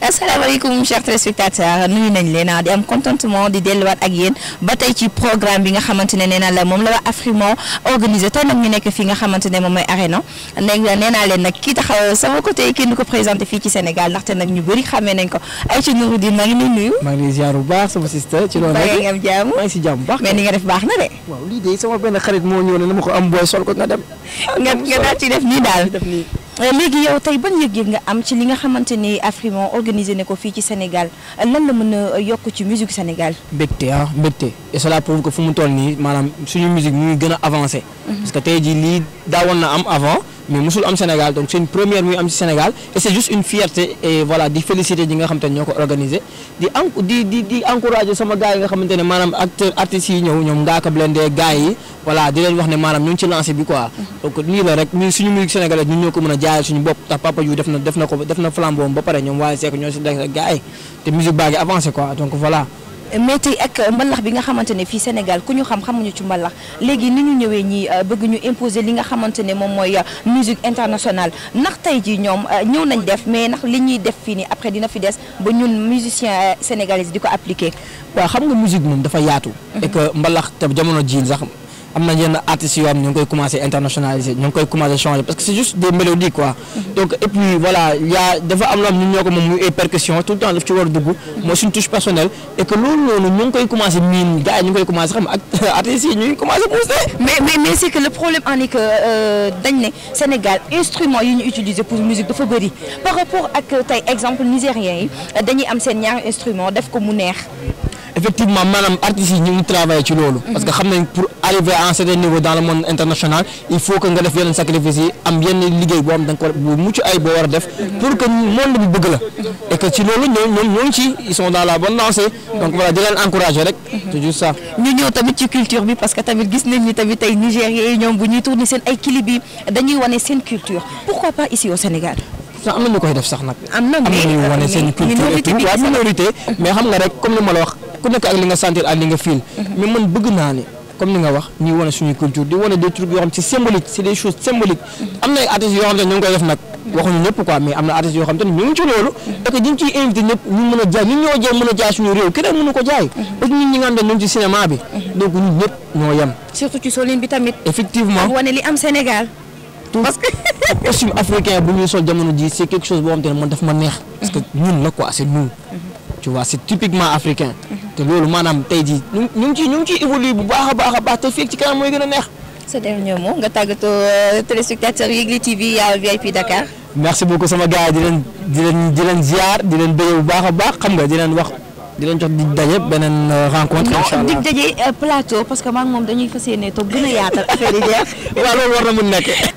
asalaamaaleykum chers téléspectateurs nuyu nañ leen ah, di am contentement di delluwaat ak yéen ba tey ci programme bi nga xamante ne nee naa la moom la waa Afrimo organisé tey nag ñu nekk fii nga xamante ne moom mooy Arena nee naa leen nag kii taxaw sama côté kenn du ko fii ci Sénégal ndaxte nag ñu bëri nuyu. maa ngi sama sister ci loolu rek nga am jàmm maa ngi si baax mais ni nga def baax na de. waaw lii de nga dem. ci def nii daal Euh, léegi yow tey ban yëg nga am ci li nga xamante ni Afrima organisé na ko fii ci Sénégal lan la mën a yokk ci musique Sénégal. mbégte ah mbégte et cela prouve que fu mu toll nii maanaam suñu musique mu ngi gën a avancé. Mm-hmm. parce que tey jii lii daawoon na am avant. mais musul am Sénégal donc c'est une première muy am ci Sénégal et c'est juste une fierté et voilà di féliciter ñi nga xamante ne ñoo ko organisé di en di di sama gars yi nga xamante ne maanaam acteur artistes yi ñëw ñoom Ngaaka Blindé gars yi voilà di leen wax ne maanaam ñu ci lancé bi quoi mm-hmm. donc nii la rek suñu musique sénégalaise ñun ñoo ko mën a jaayal suñu bopp tax papa yu def na def ko def na flambeau ba pare ñoom waaye seek ñoo si def gars te musique baa avancé quoi donc voilà métier ak mbalax bi nga xamante ne fii Sénégal ku ñu xam xamuñu ci mbalax léegi ni ñu ñëwee ñi euh, bëgg ñu imposer li nga xamante ne moom mooy euh, musique internationale ndax tey jii ñoom euh, ñëw nañ def mais ndax li ñuy def fii nii après dina fi des ba ñun musicien sénégalais di ko appliquer. waa xam nga musique moom dafa yaatu. Mm-hmm. et que mbalax te jamono jii sax. Nous avons yenn à internationaliser, nous ñu koy commencé internationaliser changer parce que c'est juste des mélodies et puis voilà il y' a des am qui ñun ko tout le temps daf ci war a mo c'est touche personnelle et que nous, avons ñu koy commencé à gars ñu koy commencé à pousser. mais mais que le problème en est que euh, dañ né Sénégal instrument yi ñu utiliser pour musique de bëri par rapport à l'exemple exemple nigériens y dañuy am instrument def ko mu effectivement maanaam artistes yi ñu ngi travaillé ci lolu parce que xam nañ pour arriver à un certain niveau dans le monde international il faut que nga def yenn sacrifice yi am yenn liguey bo am da ko bu ay bo wara def pour que monde bi bëgg la et que ci lolu ñoo ñoom ñoo ci ils sont dans la bonne lancée. donc voilà di leen encourager rek. c'est juste ça. ñu ñëw tamit ci culture bi parce que tamit gis nañ ni tamit tay Nigériens ñom bu ñuy tourner sen ay clip bi dañuy wone sen culture pourquoi pas ici au Sénégal. sax amna ñu koy def sax nak amna na ñu wane euh, seen culture et tout waaw minorité mais xam nga rek comme ni ma la wax. ku nekk ak li nga sentir ak li nga feel mhm. mais man bëgg naa ne comme ni nga wax ñuy wane suñuy culture di wane des trucs yoo xam ci symbolique c'est des choses symboliques mhm. am na ay artistes yoo xam ne ñu ngi koy def nag waxuñu ñëpp quoi mais am na artistes yoo xam te ne ñu ngi ci loolu mhm. et que ñu invité ñëpp ñu mën a jaay ñun ñoo jaay mën a jaay suñu réew keneen mënu ko jaay parce que ñi nga xam ne ci cinéma bi donc ñun ñëpp ñoo yem surtout ci solin bi tamit effectivement ak li am Sénégal parce que costume africain bu ñuy sol jamono ji c'est quelque chose boo xam te ne man daf ma neex parce que ñun la quoi c'est nous tu vois c'est typiquement africain te loolu maanaam tey jii ñu ñu ngi ciy ñu bu baax a baax a baax te fii ci kanam mooy gën a neex. sa dernier mot nga tàggatoo euh, téléspectateurs yi TV yaa VIP Dakar. merci beaucoup sama gars yi di leen di leen di leen ziar di leen bëggee bu baax a baax xam nga di leen wax. di leen jox di daje beneen euh, rencontre. incha allah di daje euh, plateau parce que man moom dañuy fas yéene toog gën yaatal affaire yi loolu war na mun nekk.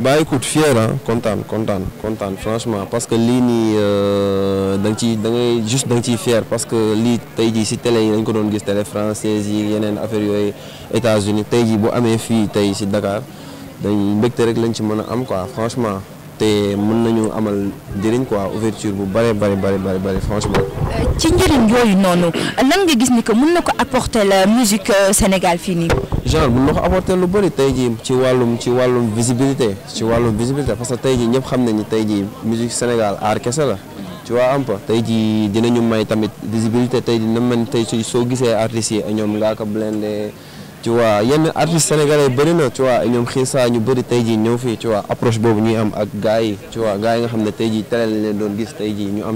bah écoute fier ah kontaan kontaan kontaan franchement parce que lii nii euh, da nga ciy da ngay juste da nga ciy fier parce que lii tey jii si télé yi dañ ko doon gis télé française yi yeneen affaire yooyu États-Unis tey jii boo amee fii tey si Dakar dañ mbegte rek lañ ci mën a am quoi franchement. te mën nañu amal njëriñ quoi ouverture bu bare bari bare bari bare franchement. ci njëriñ yooyu noonu lan nga gis ni que mën na ko apporter la musique euh, Sénégal fii nii. genre mën na ko apporter lu bëri tey jii ci wàllum ci wàllum visibilité ci wàllum visibilité parce que tey jii ñëpp xam nañu tey jii musique Sénégal aar kese la. ci waa am pa tey jii ñu may tamit visibilité tey jii na man tey soo gisee artistes yi ñoom ngaa ko blende tu vois des artistes sénégalais tu vois ñu approche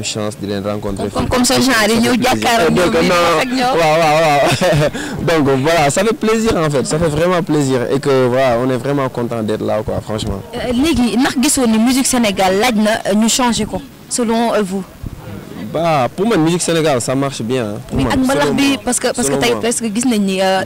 chance di rencontrer. comme eh, donc voilà ça fait plaisir en fait ça fait vraiment plaisir et que voilà on est vraiment content d'être là quoi franchement. Euh, musique Sénégal na euh, ñu changer selon euh, vous. Bah, pour moi, musique sénégalaise, ça marche bien. Hein, pour mais moi, avec bi, parce que parce que t'as presque les euh,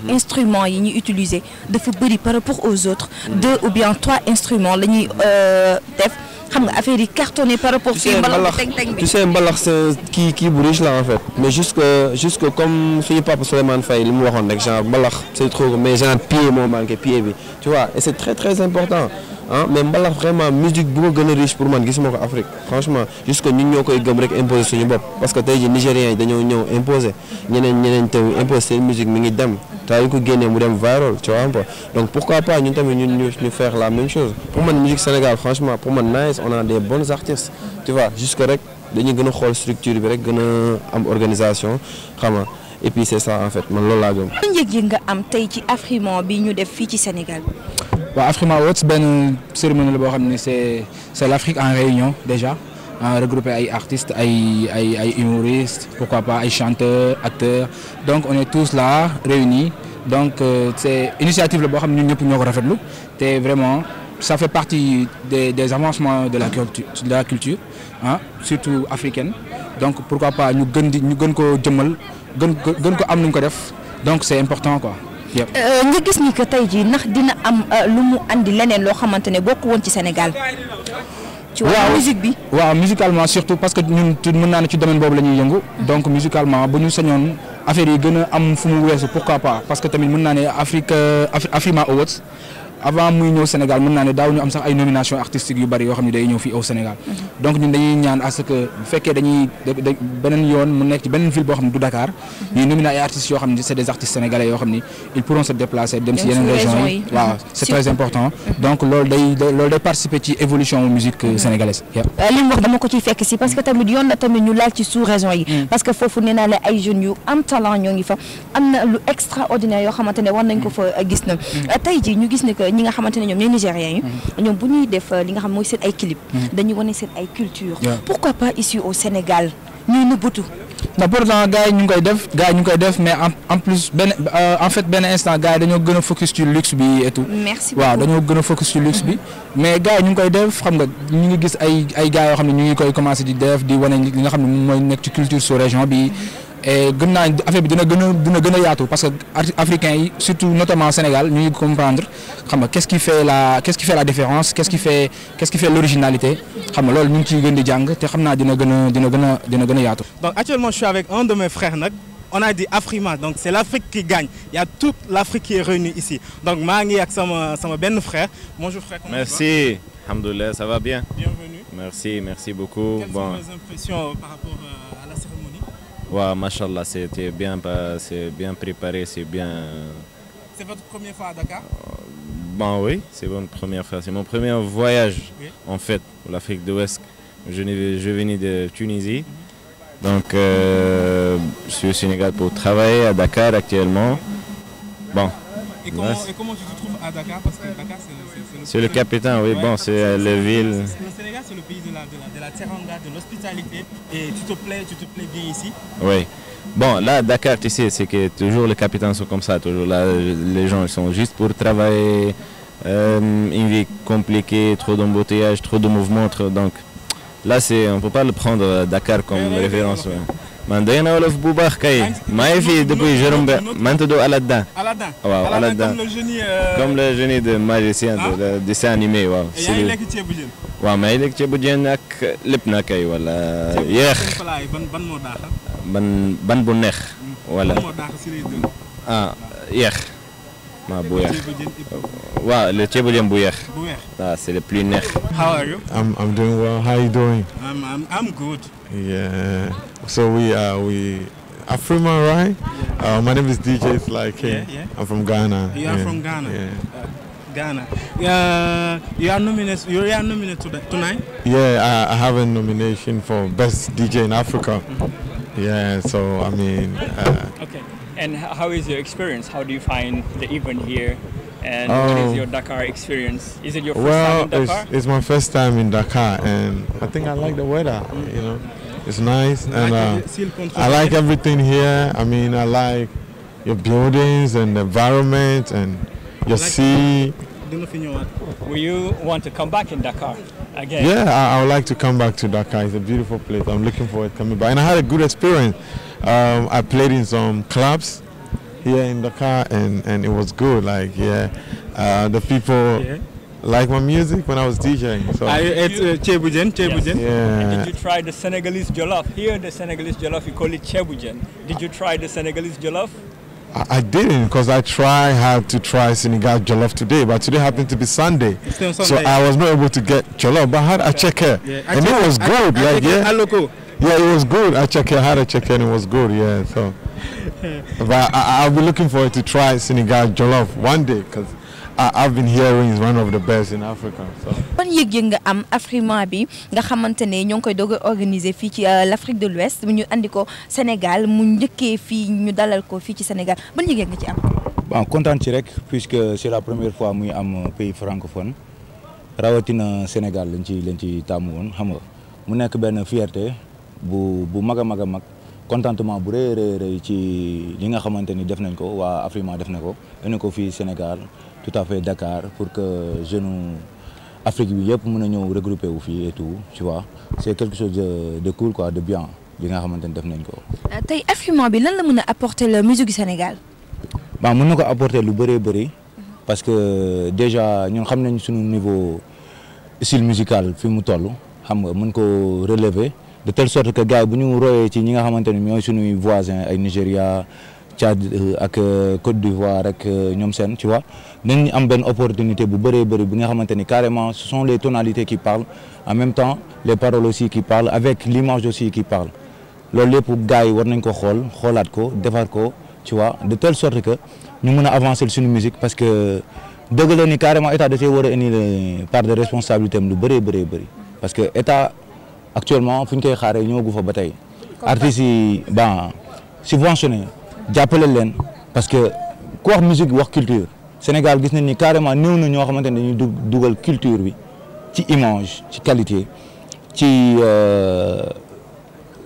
mhm. instruments yi ñuy utiliser dafa bari par rapport aux autres. Mhm. Deux ou bien trois instruments les euh, def. xam nga affaire yi cartonné par rapport. fii mbalax tu sais mbalax c'est qui qui bouge là en fait. mais jusque jusque comme suñu papa Souleymane Faye li mu waxoon rek genre mbalax c'est trop mais j'ai un pied mon manque pied bi tu vois et c'est très très important hein mais mbalax vraiment musique bu ko gën riche pour man gisuma Afrique franchement jusque ñun ñoo gëm rek imposer suñu bop parce que tay ji nigériens dañu ñëw imposer ñeneen ñeneen tew imposer musique mi ngi dem taa yu ko gënné mu dem viral tu vois un peu donc pourquoi pas ñun tamit ñun ñu ñu faire la même chose pour man musique Sénégal franchement pour man nice on a des bons artistes tu vois jusque rek dañu gëna xol structure bi rek gëna am organisation xam nga et puis c'est ça en fait man loolu la gëm. ñeeg yi nga am tey ci Afrima bi ñu def fi ci Sénégal c'est l'Afrique en réunion déjà regroupé ay artistes ay humoristes pourquoi pas chanteurs acteurs donc on est tous là réunis donc euh, c'est initiative la nous vraiment ça fait partie des avancements de la culture hein, surtout africaine donc pourquoi pas nous gën ñu donc c'est important quoi. Euh, nga gis ni que tey jii ndax dina am euh, lu mu andi leneen loo xamante ne bokk woon ci senegal ci wàllu musique bi waaw musicalement surtout parce que ñun mën naa ne ci domaine boobu la yëngu. Mm-hmm. donc musicalement bu ñu sañoon affaire yi gën a am fu mu weesu pourquoi pas parce que tamit mën naa ne Afrique euh, Afrima Awards. avant muy ñëw Sénégal mën naa ne daaw ñu am sax ay nomination artistique yu bari yo xamni day ñëw fi au Sénégal mhm. donc ñun dañuy ñaan à ce que bu fekkee dañuy benen yoon mu nekk ci benen ville bo xamni du Dakar mhm. ñuy nominer ay artistes yo xamni c'est des artistes sénégalais yo xamni ils pourront se déplacer dem ci yeneen régions yi waaw mhm. c'est très important donc lool day lool day participer ci évolution musique euh, sénégalaise euh, li lim wax dama ko ci fekk ci parce que tamit yoon na tamit ñu laal ci sous région yi parce que fofu nee naa ay jeunes yu am talent ñoo ngi fa amna lu extraordinaire yo xamantene ne war nañ ko fa euh, gis na tay ji ñu gis ne ñi nga xamante ne ñoom nigériens yi mm. ñoom bu ñuy def li nga xam moy seen ay clip mm. dañuy wane seen ay culture pourquoi pas ici au Sénégal ñuy nebutu ndax pourtant gars yi ñu ngi koy def gars yi ñu koy def mais en plus ben en fait ben instant gars yi dañoo gën focus sur luxe bi et tout. merci waaw dañoo gën focus sur luxe bi. Mm-hmm. mais gars yi ñu koy def xam nga ñu ngi gis ay ay gars yo xamni ñu ngi koy commencer di def di wone li nga xam moy mooy ci culture sous région bi. Mm-hmm et gëm affaire bi dina parce que africains surtout notamment au Sénégal nous comprendre qu'est-ce qui fait la qu'est-ce qui fait la différence qu'est-ce qui fait qu'est-ce qui fait l'originalité xam nga loolu ñu ciy donc actuellement je suis avec un de mes frères on a dit Afrima donc c'est l'Afrique qui gagne il y a toute l'Afrique qui est réunie ici donc je ngi ak sama sama benn frère bonjour frère. comment merci alhamdoulillah ça va bien. bienvenue merci merci beaucoup. Quelles bon. sont vos impressions euh, par rapport à... Euh, machallah, c'était bien, c'est bien préparé, c'est bien. Euh, c'est votre première fois à Dakar euh, Ben oui, c'est mon première fois. C'est mon premier voyage en fait pour l'Afrique de l'Ouest. Je, je venais de Tunisie. Donc euh, je suis au Sénégal pour travailler à Dakar actuellement. Bon. Et comment, tu te trouves à Dakar Parce que Dakar c'est le, capitaine, oui, bon, c'est la ville c'est le pays de la, de de de l'hospitalité. Et tu te plais, tu te plais bien ici Oui. Bon, là, Dakar, tu sais, c'est que toujours les capitaines sont comme ça. Toujours là, les gens ils sont juste pour travailler. Euh, une vie compliquée, trop d'embouteillages, trop de mouvements. donc là, on ne peut pas le prendre euh, Dakar comme référence. ما دينا اه، اه، ولا في بوباخ كاي ما في دبي جرم ب... ما انت دو الادا الادا واو الادا كوم لو جوني دو ماجيسيان دو ديسان انيمي واو يا ليك تيبوجين واو ما ليك تيبوجين اك لبنا كاي ولا يخ بن بن مو بن بن بو ولا اه يخ le ah, c'est le plus how are you? I'm I'm doing well. How are you doing? I'm I'm I'm good. Yeah. So we are we. Afrima, right? Yeah. Uh, my name is DJ Sly Yeah, yeah. I'm from Ghana. You are from Ghana. Yeah. Uh, Ghana. Yeah. you are nominated. You are nominated tonight. Yeah, I, I, have a nomination for best DJ in Africa. Mm -hmm. Yeah, so I mean. Uh, okay. And how is your experience? How do you find the event here? And um, what is your oh. Dakar experience? Is it your first well, time in Dakar? It's, it's my first time in Dakar, and I think I like the weather. Mm. You know, it's nice, and uh, I like everything here. I mean, I like your buildings and the environment and your sea. Will you want to come back in Dakar again? Yeah, I, I would like to come back to Dakar. It's a beautiful place. I'm looking forward to coming back, and I had a good experience. Um, I played in some clubs here in Dakar, and and it was good. Like yeah, uh, the people. Yeah. Like my music when I was DJing. So. I, it's uh, Chebujen, Chebujen. Yes. Yeah. Did you try the Senegalese jollof? Here, the Senegalese jollof, you call it Chebujen. Did you try the Senegalese jollof? I, didn't because I try hard to try Senegal jollof today, but today happened to be Sunday, so I was not able to get jollof. But I had a check here, yeah. and it was good. I, I like, yeah. Yeah, it was good. I checked. I had a check in. it was good. Yeah, so. but I, will be looking forward to try Senegal jollof one day because I've been hearing it's one of the best in Africa. So. ban yëg-yëg nga am Afrima bi nga xamante ne ñoo koy doog a organiser fii ci euh, l'Afrique de l'Ouest ñu andi ko Sénégal mu njëkkee fii ñu dalal ko fii ci Sénégal ban yëg-yëg nga ci am. bon kontaan ci rek puisque c'est la première fois muy am pays francophone rawatina Sénégal lañ ci lañ ci tàmm woon xam nga mu nekk benn fierté. bu bu maga maga mag contentement bu rëy rëy rëy ci li nga xamanteni ni def nañ ko wa Afrima def na ko ko fi Sénégal tout à fait Dakar pour que jeunes Afrique bi yëpp mën a regrouper wu fi et tout tu vois c'est quelque chose de de cool quoi de bien li nga xamanteni def nañ ko. Euh, tay Afrima bi lan la mën apporter le musique du Sénégal. Bah, mën ko apporter lu bëree bëri. parce que déjà ñun xam nañ suñu niveau style musical fi mu tollu xam nga mën ko relever de telle sorte que gars yi bu ñu royee ci ñi nga xamanteni ni ñooy voisins ay Nigeria Tchad euh, ak euh, Côte d'Ivoire ak euh, ñom sen tu vois dañu am ben opportunité bu bëree bëri bi nga xamanteni carrément ce sont les tonalités qui parlent en même temps les paroles aussi qui parlent avec l'image aussi qui parle L'olé pour gars yi war nañ ko xol xolat ko défar ko tu vois de telle sorte que ñu mëna a avancer suñu musique parce que dëgg la ni carrément état de cee wara ni par part de responsabilité am lu bëree bëree bëri parce que état actuellement fuñ koy xaaree ñogu fa batay artiste yi ban subventionné jappelé leen parce que ku wax musique wax culture Sénégal gis nañ ni carrément néw na ño xamanténi ne dañuy dugal culture bi ci image ci qualité ci euh,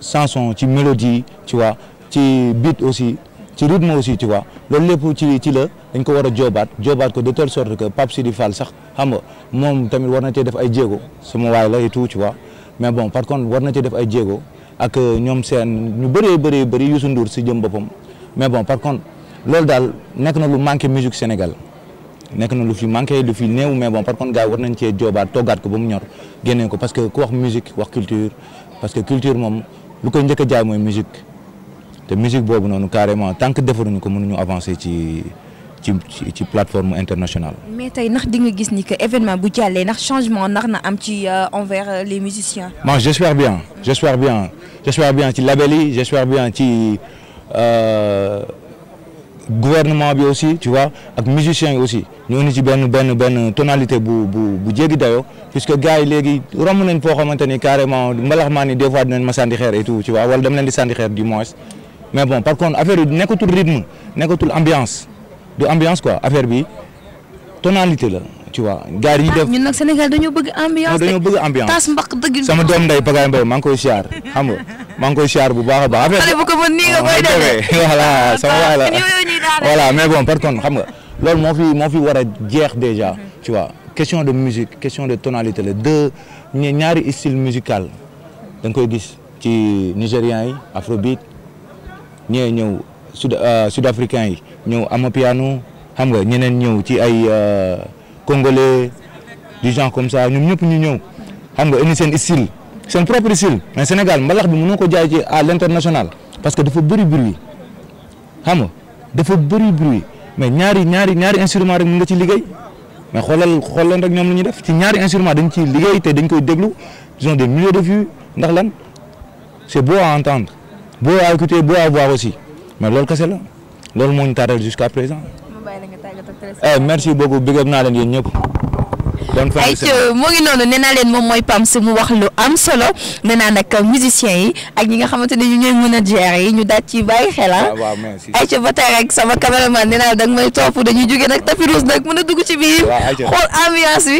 chanson ci mélodie tu vois ci beat aussi ci rythme aussi tu vois lool lepp ci ci la dañ ko wara a joobaat ko de telle sorte que pap Sidi Fall sax xam nga mom tamit war na cee def ay djégo suma way la et tout tu vois mais bon par contre war na ci def ay djégo ak euh, ñom sen ñu bëree bëree bëri Youssou Ndour ci jëm boppam mais bon par contre lool d'al, nek na lu manqué musique Sénégal nek na lu fi manqué lu fi néew mais bon par contre gars yi war nañ cee joobaat toggaat ko bu mu ñor génnee ko parce que ku wax musique wax culture parce que culture mom lu ko njëkk jaay moy musique té musique bobu nonu carrément tant que defaruñu ko mënuñu avancer ci ci plateforme internationale. mais tay ndax di nga gis ni que événement bu jallé ndax changement ndax na am ci euh, envers euh, les musiciens. Moi, j'espère bien J'espère bien j'espère bien ci label j'espère bien ci euh, gouvernement bi aussi tu vois ak musiciens yi aussi ñu indi ci ben ben ben tonalité bu bu bu jéggi dayoo puisque gars yi légui romb nañ fo xamanteni carrément malaxmani maa des fois dinañ ma sànni xeer et tout tu vois wala dem len di sandi xeer du moins mais bon par contre affaire yi le rythme nekkatul ambiance. du ambiance quoi affaire bi tonalité la ci vois. gars yi def ah, Sénégal dañoo bëgg ambiance dañoo bëgg ambiance tas dëgg sama doom nday Pagaye Mbaye maa ngi koy siyaar bu baax a baax. affaire bu ko mën nii nga koy ah, defee voilà ah, sama waay mais bon par contre xam nga loolu moo fi moo fi war a jeex déjà ci vois question de musique question de tonalité la deux ñaari style musical da nga koy gis ci nigérians afrobeat ñee ñëw. sud euh, africain yi ñëw Amapiano xam nga ñeneen ñëw ci ay euh, congolais du genre comme ça ñoom ñëpp ñu ñëw xam nga indi seen style seen propre style mais Sénégal mbalax bi mënoo ko jaay ci à l'international parce que dafa bëri bruit xam nga dafa bëri bruit mais ñaari ñaari ñaari instrument rek mën nga ci liggéey mais xoolal xool rek ñoom la ñuy def ci ñaari instrument dañ ci liggéey te dañ koy déglu ils ont des milliers de vues ndax lan c'est beau à entendre beau à écouter beau à voir aussi mais loolu kese la loolu moo ñu taaral jusqu'à présent. Eh, merci beaucoup big up naa leen yéen ñëpp. ay mu ngi noonu nee leen moom mooy PAM si mu wax lu am solo nee naa nag musiciens yi ak ñi nga xamante ne ñu ñooy managers yi ñu daal ci bàyyi xel ah. ayca ah, ba tey rek sama caméraman nee naa da nga may topp dañuy jóge nag tapis rouge nag mën a dugg ci biir. xool ambiance bi.